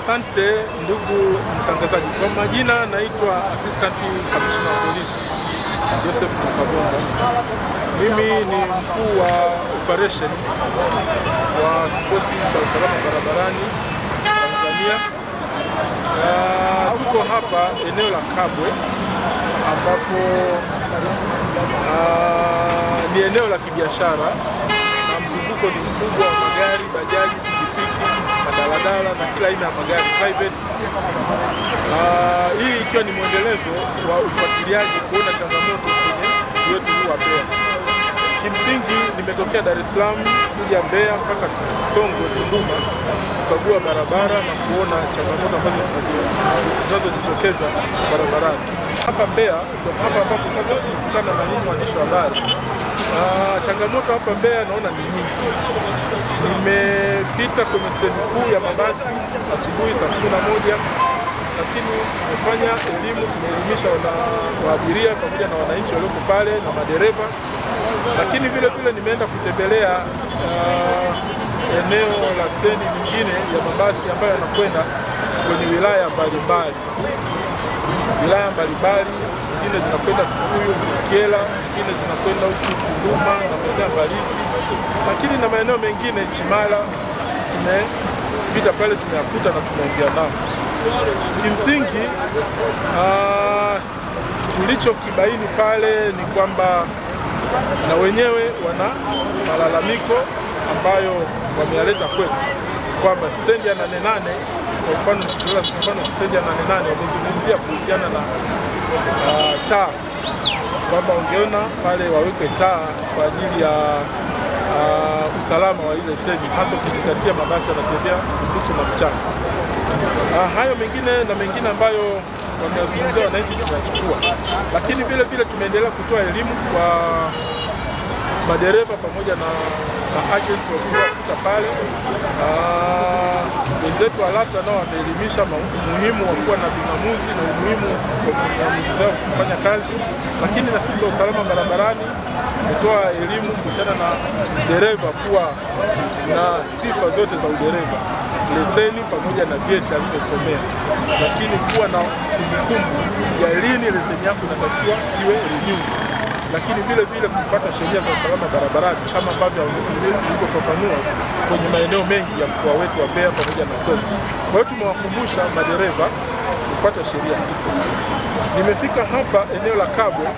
Asante ndugu mtangazaji, kwa majina naitwa Assistant Commissioner wa Polisi Joseph Kabonga. Mimi ni mkuu wa operation wa kikosi cha usalama barabarani Tanzania, na tuko hapa eneo la Kabwe ambapo ah, ni eneo la kibiashara na mzunguko ni mkubwa wa magari, bajaji madaladala na kila aina ya magari private. Uh, hii ikiwa ni mwendelezo wa ufuatiliaji kuona changamoto kwenye wetu huu wa Mbeya. Kimsingi nimetokea Dar es Salaam kuja Mbeya mpaka Songwe Tunduma kukagua barabara na kuona changamoto ambazo zinazojitokeza barabarani hapa Mbeya ndio hapa ambapo sasa tunakutana na nyinyi waandishi wa habari. Ah, changamoto hapa Mbeya naona ni nyingi. Nimepita kwenye stendi kuu ya mabasi asubuhi saa kumi na moja lakini tumefanya elimu, tumeelimisha waabiria pamoja na wananchi walioko pale na madereva, lakini vile vile nimeenda kutembelea uh, eneo la stendi nyingine ya mabasi ambayo yanakwenda kwenye wilaya mbalimbali wilaya mbalimbali, zingine zinakwenda Tukuyu, Kiela, zingine zinakwenda huku Tunduma na maeneo ya Mbalisi, lakini na maeneo mengine Chimala, tumepita pale tumeyakuta na tumeongea nao. Kimsingi tulichokibaini ah, pale ni kwamba na wenyewe wana malalamiko ambayo wameyaleta kwetu kwamba stendi ya Nane Nane kwa mfano stendi ya nane nane wamezungumzia kuhusiana na uh, taa kwamba ungeona pale wawekwe taa kwa ajili ya uh, usalama wa ile stage, hasa ukizingatia mabasi yanatembea usiku na mchana. Uh, hayo mengine na mengine ambayo wameazungumzia wananchi tunachukua, lakini vile vile tumeendelea kutoa elimu kwa madereva pamoja na na agent kuta pale ah, wenzetu wa nao wameelimisha umuhimu wa kuwa na ving'amuzi na umuhimu wa ving'amuzi vyao kufanya kazi, lakini na sisi wa usalama barabarani kutoa elimu kuhusiana na dereva kuwa na sifa zote za udereva, leseni pamoja na vyeti alivyosomea, lakini kuwa na kumbukumbu ya lini leseni yako inatakiwa iwe renewed lakini vile vile kupata sheria za usalama barabarani kama ambavyo ilivyofafanua kwenye maeneo mengi ya mkoa wetu wa Mbeya pamoja na Songwe. Kwa hiyo tumewakumbusha madereva kupata sheria hizo. Nimefika hapa eneo la Kabwe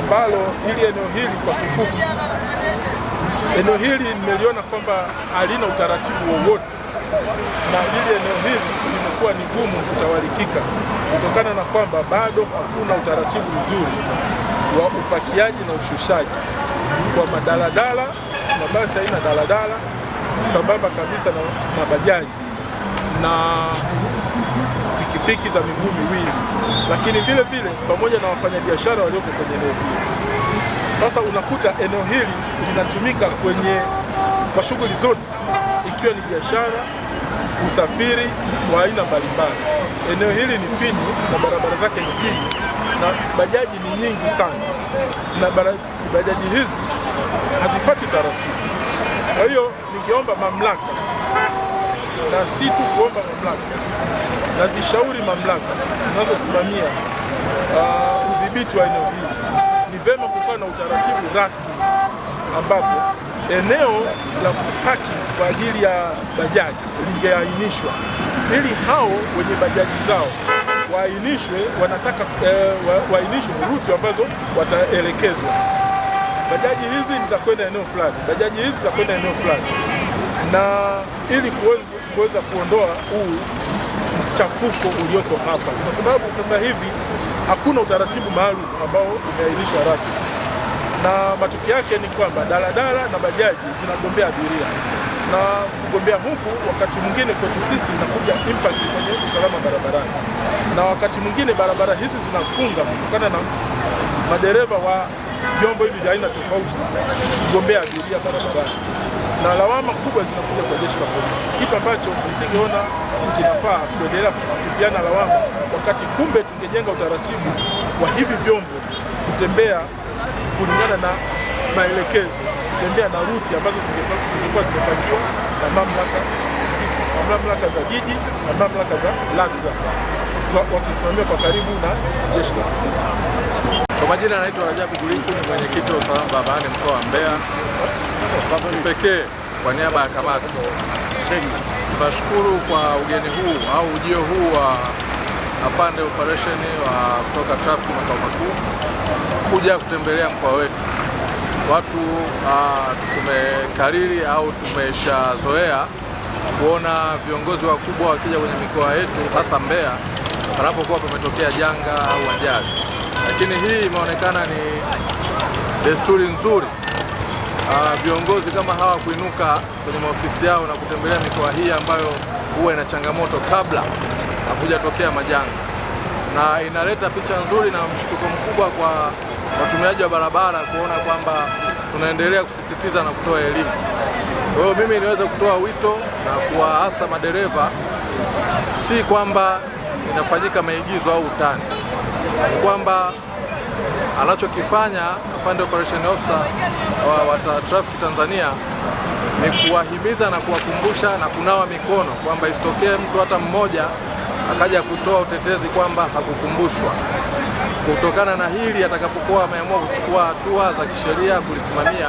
ambalo hili eneo hili kwa kifupi, eneo hili nimeliona kwamba halina utaratibu wowote na hili eneo hili limekuwa ni gumu kutawalikika kutokana na kwamba bado hakuna utaratibu mzuri wa upakiaji na ushushaji kwa madaladala, mabasi aina daladala sambamba kabisa na, na bajaji na pikipiki za miguu miwili, lakini vile vile pamoja na wafanyabiashara walioko kwenye eneo hili. Sasa unakuta eneo hili linatumika kwenye kwa shughuli zote ikiwa ni biashara usafiri wa aina mbalimbali. Eneo hili ni finyu na barabara zake ni finyu na bajaji ni nyingi sana, na bajaji hizi hazipati taratibu. Kwa hiyo ningeomba mamlaka na si tu kuomba mamlaka, nazishauri mamlaka zinazosimamia ah, udhibiti uh, wa eneo hili, ni vema kukaa na utaratibu rasmi ambapo eneo la kupaki kwa ajili ya bajaji lingeainishwa ili hao wenye bajaji zao waainishwe wanataka e, wa, waainishwe ruti ambazo wataelekezwa. Bajaji hizi ni za kwenda eneo fulani, bajaji hizi za kwenda eneo fulani, na ili kuweza kuondoa huu mchafuko uliopo hapa, kwa sababu sasa hivi hakuna utaratibu maalum ambao umeainishwa rasmi na matokeo yake ni kwamba daladala na bajaji zinagombea abiria na kugombea huku wakati mwingine kwetu sisi inakuja impact kwenye usalama barabarani, na wakati mwingine barabara hizi zinafunga kutokana na madereva wa vyombo hivi vya aina tofauti kugombea abiria barabarani, na lawama kubwa zinakuja kwa jeshi la polisi, kitu ambacho nisingeona kinafaa kuendelea kutupiana lawama, wakati kumbe tungejenga utaratibu wa hivi vyombo kutembea kulingana na maelekezo, kutembea na ruti ambazo zingekuwa zimepangiwa na mamlaka husika, mamlaka za jiji na mamlaka za LATRA wakisimamia kwa karibu na jeshi la polisi. Kwa majina anaitwa Rajabu Guliki, ni mwenyekiti wa usalama barabarani mkoa wa Mbeya. pekee kwa niaba ya kamati tunashukuru kwa ugeni huu au ujio huu wa apande operation wa kutoka traffic makao makuu kuja kutembelea mkoa wetu. Watu uh, tumekariri au tumeshazoea kuona viongozi wakubwa wakija kwenye mikoa yetu hasa Mbeya panapokuwa pametokea janga au ajali, lakini hii imeonekana ni desturi nzuri ah, viongozi kama hawa kuinuka kwenye maofisi yao na kutembelea mikoa hii ambayo huwa ina changamoto kabla na tokea majanga, na inaleta picha nzuri na mshtuko mkubwa kwa watumiaji wa barabara kuona kwamba tunaendelea kusisitiza na kutoa elimu. Kwa hiyo mimi niweze kutoa wito na kuwaasa madereva, si kwamba inafanyika maigizo au utani, kwamba anachokifanya afande operation officer wa, wa traffic Tanzania ni kuwahimiza na kuwakumbusha na kunawa mikono kwamba isitokee mtu hata mmoja akaja kutoa utetezi kwamba hakukumbushwa. Kutokana na hili, atakapokuwa ameamua kuchukua hatua za kisheria kulisimamia,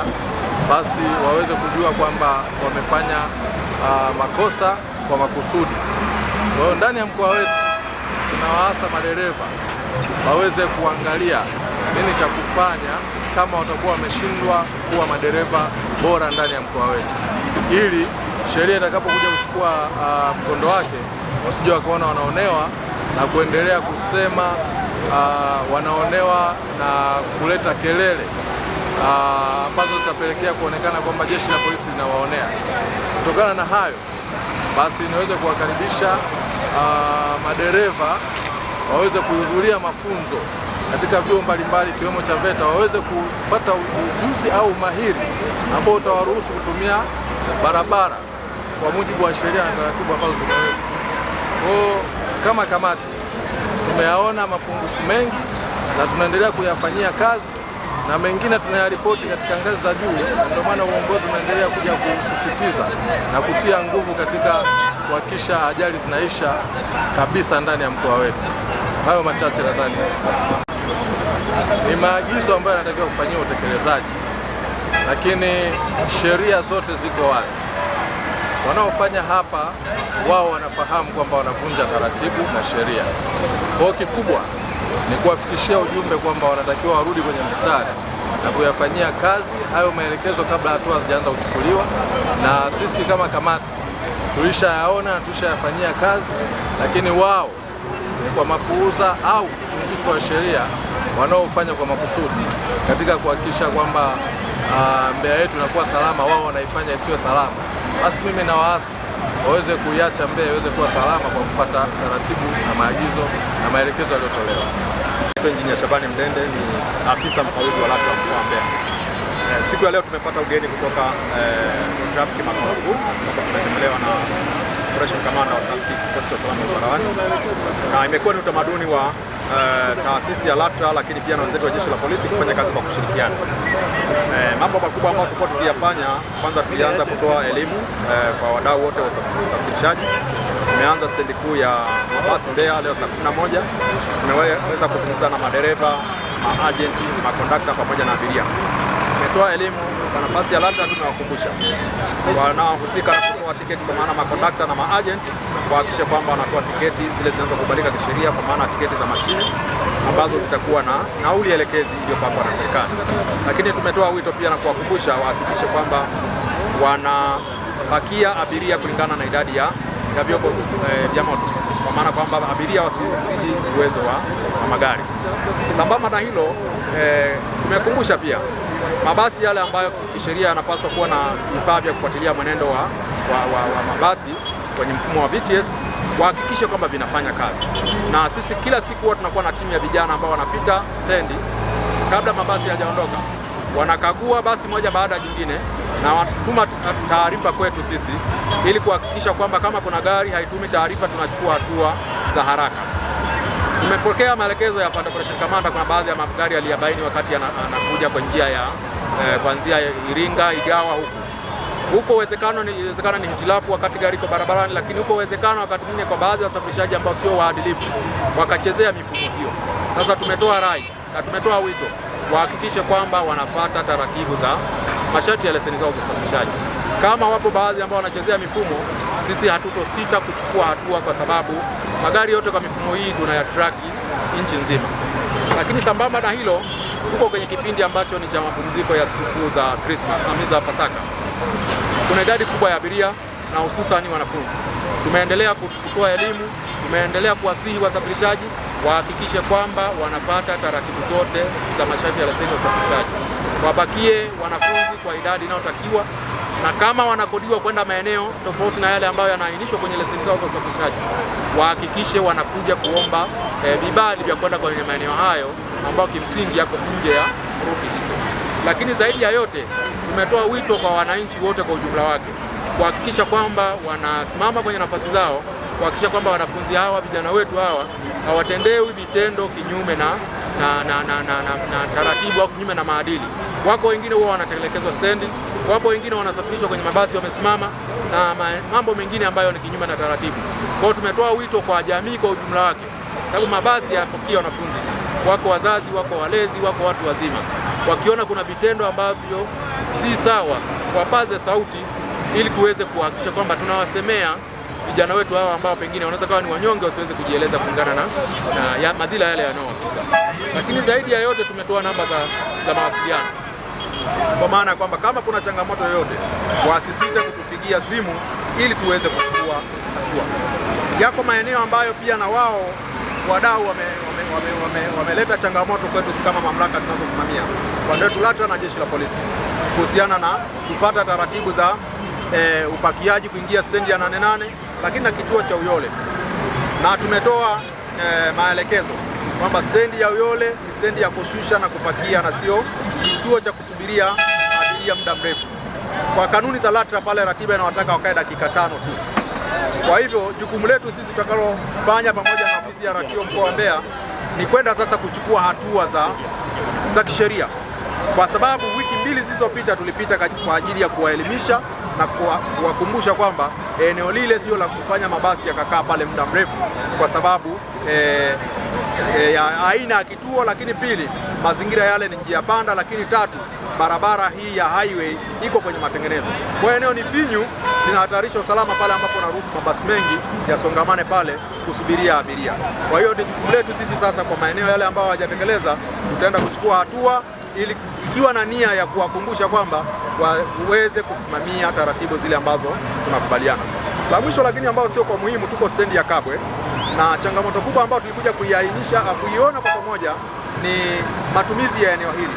basi waweze kujua kwamba wamefanya uh, makosa kwa makusudi. Kwa hiyo ndani ya mkoa wetu tunawaasa madereva waweze kuangalia nini cha kufanya kama watakuwa wameshindwa kuwa madereva bora ndani ya mkoa wetu, ili sheria itakapokuja kuchukua uh, mkondo wake wasije wakaona wanaonewa na kuendelea kusema uh, wanaonewa na kuleta kelele uh, ambazo uh, zitapelekea kuonekana kwamba jeshi la polisi linawaonea. Kutokana na hayo basi, niweze kuwakaribisha uh, madereva waweze kuhudhuria mafunzo katika vyuo mbalimbali ikiwemo veta waweze kupata ujuzi au umahiri ambao utawaruhusu kutumia barabara kwa mujibu wa sheria na taratibu ambazo zimewekwa. Kwayo kama kamati tumeyaona mapungufu mengi na tunaendelea kuyafanyia kazi na mengine tunayaripoti katika ngazi za juu. Ndio maana uongozi unaendelea kuja kusisitiza na kutia nguvu katika kuhakikisha ajali zinaisha kabisa ndani ya mkoa wetu. Hayo machache nadhani ni maagizo ambayo yanatakiwa kufanyiwa utekelezaji, lakini sheria zote ziko wazi. Wanaofanya hapa wao wanafahamu kwamba wanavunja taratibu na sheria. Kwa kikubwa ni kuwafikishia ujumbe kwamba wanatakiwa warudi kwenye mstari na kuyafanyia kazi hayo maelekezo kabla hatua hazijaanza kuchukuliwa. Na sisi kama kamati tulishayaona na tulishayafanyia kazi, lakini wao ni kwa mapuuza au uvunjifu wa sheria wanaofanya kwa makusudi katika kuhakikisha kwamba ah, mbea Mbeya yetu inakuwa salama, wao wanaifanya isiwe salama basi mimi na waasi waweze kuiacha Mbeya iweze kuwa salama kwa kufuata taratibu na maagizo na maelekezo yaliyotolewa. Injinia Shabani Mdende ni afisa mkaguzi wa lami wa mkoa wa Mbeya. Eh, siku ya leo tumepata ugeni kutoka eh, trafiki makao makuu, tumetembelewa na operation kamanda wa trafiki kikosi cha usalama barabarani, na imekuwa ni utamaduni wa uh, taasisi ya LATRA lakini pia na wenzetu wa jeshi la polisi kufanya kazi kwa kushirikiana. Uh, mambo makubwa ambayo tulikuwa tukiyafanya, kwanza tulianza kutoa elimu uh, kwa wadau wote wa usafirishaji. Tumeanza stendi kuu ya mabasi Mbeya leo saa 11. Tumeweza kuzungumza na madereva, maajenti, makondakta pamoja na abiria kutoa elimu kwa nafasi ya labda, tumewakumbusha wanaohusika na tiketi kwa maana makondakta na maagent kuhakikisha kwamba wanatoa tiketi zile zinazokubalika kisheria, kwa maana tiketi za mashine ambazo zitakuwa na nauli elekezi iliyopangwa na serikali. Lakini tumetoa wito pia na kuwakumbusha wahakikishe kwamba wanapakia abiria kulingana na idadi ya ya vyombo eh, vya eh, moto kwa maana kwamba abiria wasizidi uwezo wa, wa magari. Sambamba na hilo eh, tumekumbusha pia mabasi yale ambayo kisheria yanapaswa kuwa na vifaa vya kufuatilia mwenendo wa, wa, wa, wa mabasi kwenye mfumo wa VTS wahakikishe kwamba vinafanya kazi, na sisi kila siku huwa tunakuwa na timu ya vijana ambao wanapita stendi kabla mabasi yajaondoka, wanakagua basi moja baada ya jingine na wanatuma taarifa kwetu sisi ili kuhakikisha kwamba kama kuna gari haitumi taarifa, tunachukua hatua za haraka. Tumepokea maelekezo ya Operation Commander, Kuna baadhi ya magari aliyabaini wakati anakuja kwa njia ya eh, kuanzia Iringa Igawa huku huko, uwezekano ni uwezekano ni hitilafu wakati gari iko barabarani, lakini huko uwezekano wakati mwingine kwa baadhi ya wasafirishaji ambao sio waadilifu wakachezea mifumo hiyo. Sasa tumetoa rai na tumetoa wito wahakikishe kwamba wanapata taratibu za masharti ya leseni zao za usafirishaji. Kama wapo baadhi ambao wanachezea mifumo sisi hatutosita kuchukua hatua, kwa sababu magari yote kwa mifumo hii tunayatraki nchi nzima. Lakini sambamba na hilo, tuko kwenye kipindi ambacho ni cha mapumziko ya sikukuu za Krismasi na miza Pasaka. Kuna idadi kubwa ya abiria na hususani wanafunzi. Tumeendelea kutoa elimu, tumeendelea kuwasihi wasafirishaji wahakikishe kwamba wanapata taratibu zote za masharti ya leseni ya usafirishaji, wabakie wanafunzi kwa idadi inayotakiwa na kama wanakodiwa kwenda maeneo tofauti na yale ambayo yanaainishwa kwenye leseni zao za usafirishaji, wahakikishe wanakuja kuomba eh, vibali vya kwenda kwenye maeneo hayo ambayo kimsingi yako nje ya ruti hizo. Lakini zaidi ya yote tumetoa wito kwa wananchi wote kwa ujumla wake kuhakikisha kwamba wanasimama kwenye nafasi zao, kuhakikisha kwamba wanafunzi hawa vijana wetu hawa hawatendewi vitendo kinyume na, na, na, na, na, na, na taratibu au kinyume na maadili. Wako wengine huwa wanatelekezwa stendi wapo wengine wanasafirishwa kwenye mabasi wamesimama na mambo mengine ambayo ni kinyume na taratibu. Kwa hiyo tumetoa wito kwa jamii kwa ujumla wake, sababu mabasi yapokea wanafunzi, wako wazazi, wako walezi, wako watu wazima. Wakiona kuna vitendo ambavyo si sawa, wapaze sauti ili tuweze kuhakikisha kwamba tunawasemea vijana wetu hawa ambao pengine wanaweza kawa ni wanyonge wasiweze kujieleza kulingana na, na ya madhila yale yanayowafika. Lakini zaidi ya yote tumetoa namba za, za mawasiliano kwa maana ya kwamba kama kuna changamoto yoyote wasisite kutupigia simu ili tuweze kuchukua hatua. Yako maeneo ambayo pia na wao wadau wameleta wame, wame, wame changamoto kwetu si kama mamlaka tunazosimamia kwa TLATRA na jeshi la polisi kuhusiana na kupata taratibu za e, upakiaji kuingia stendi ya Nane Nane lakini na kituo cha Uyole, na tumetoa e, maelekezo kwamba stendi ya Uyole ni stendi ya kushusha na kupakia na sio kituo cha kusubiria abiria muda mrefu. Kwa kanuni za LATRA pale ratiba inawataka wakae dakika tano tu. Kwa hivyo jukumu letu sisi tutakalofanya pamoja na ofisi ya ratio mkoa wa Mbeya ni kwenda sasa kuchukua hatua za, za kisheria, kwa sababu wiki mbili zilizopita tulipita kwa ajili ya kuwaelimisha na kuwakumbusha kwamba eneo lile sio la kufanya mabasi yakakaa pale muda mrefu kwa sababu eh, E, ya aina ya kituo, lakini pili mazingira yale ni njia panda, lakini tatu barabara hii ya highway iko kwenye matengenezo. Kwa eneo ni finyu, linahatarisha usalama pale ambapo naruhusu mabasi mengi yasongamane pale kusubiria abiria. Kwa hiyo ni jukumu letu sisi sasa, kwa maeneo yale ambayo hawajatekeleza, tutaenda kuchukua hatua ili ikiwa na nia ya kuwakumbusha kwamba waweze kusimamia taratibu zile ambazo tunakubaliana. La mwisho lakini ambao sio kwa muhimu, tuko stendi ya Kabwe na changamoto kubwa ambayo tulikuja kuiainisha kuiona kwa pamoja ni matumizi ya eneo hili.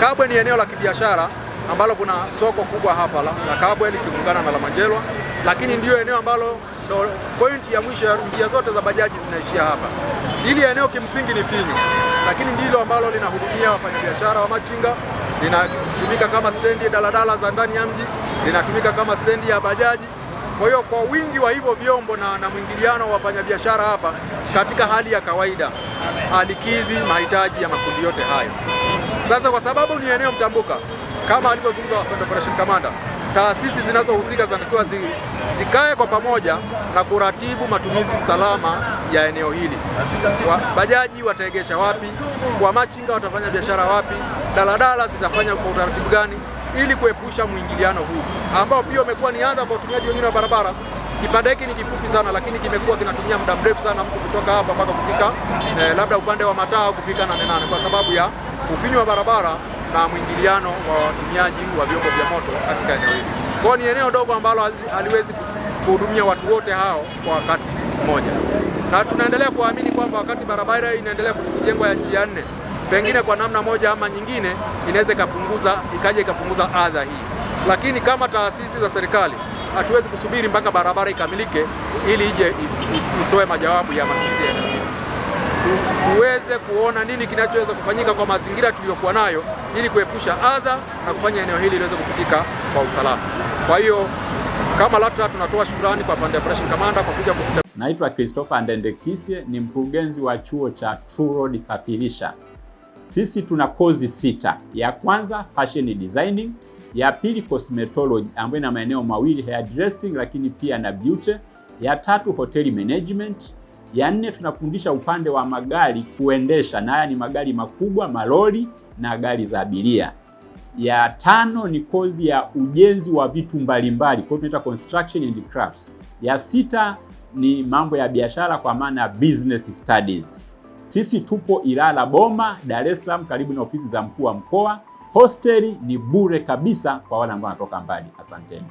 Kabwe ni eneo la kibiashara ambalo kuna soko kubwa hapa la, la Kabwe likiungana na la Manjelwa, lakini ndiyo eneo ambalo so, pointi ya mwisho ya njia zote za bajaji zinaishia hapa. Hili eneo kimsingi ni finyu, lakini ndilo ambalo linahudumia wafanyabiashara wa machinga, linatumika kama stendi daladala za ndani ya mji, linatumika kama stendi ya bajaji kwa hiyo kwa wingi wa hivyo vyombo na, na mwingiliano wa wafanyabiashara hapa katika hali ya kawaida alikidhi mahitaji ya makundi yote hayo. Sasa kwa sababu ni eneo mtambuka kama alivyozungumza operation commander, taasisi zinazohusika zinatakiwa zi, zikae kwa pamoja na kuratibu matumizi salama ya eneo hili. Wa, bajaji wataegesha wapi? Wamachinga watafanya biashara wapi? Daladala zitafanya kwa utaratibu gani? ili kuepusha mwingiliano huu ambao pia umekuwa ni adha kwa watumiaji wengine wa barabara. Kipande hiki ni kifupi sana, lakini kimekuwa kinatumia muda mrefu sana mtu kutoka hapa mpaka kufika eh, labda upande wa mataa kufika Nane Nane kwa sababu ya ufinyu wa barabara na mwingiliano wa watumiaji wa vyombo vya moto katika eneo hili. Kwa ni eneo dogo ambalo haliwezi kuhudumia watu wote hao kwa wakati mmoja, na tunaendelea kuamini kwamba wakati barabara inaendelea kujengwa ya njia nne pengine kwa namna moja ama nyingine inaweza ikapunguza ikaje ikapunguza adha hii. Lakini kama taasisi za serikali hatuwezi kusubiri mpaka barabara ikamilike ili ije itoe majawabu ya matumizi ya tuweze kuona nini kinachoweza kufanyika kwa mazingira tuliyokuwa nayo ili kuepusha adha na kufanya eneo hili liweze kupitika kwa usalama. Kwa hiyo kama LATRA tunatoa shukrani kwa pande ya Operation Commander kwa kuja kututa. Naitwa Christopher Ndendekisye, ni mkurugenzi wa chuo cha True Road Safirisha. Sisi tuna kozi sita. Ya kwanza fashion designing, ya pili cosmetology ambayo ina maeneo mawili hair dressing, lakini pia na beauty. Ya tatu hoteli management. Ya nne tunafundisha upande wa magari kuendesha, na haya ni magari makubwa, malori na gari za abiria. Ya tano ni kozi ya ujenzi wa vitu mbalimbali, kwa hiyo tunaita construction and crafts. Ya sita ni mambo ya biashara kwa maana business studies. Sisi tupo Ilala Boma, Dar es Salaam, karibu na ofisi za mkuu wa mkoa. Hosteli ni bure kabisa kwa wale ambao wanatoka mbali. Asanteni.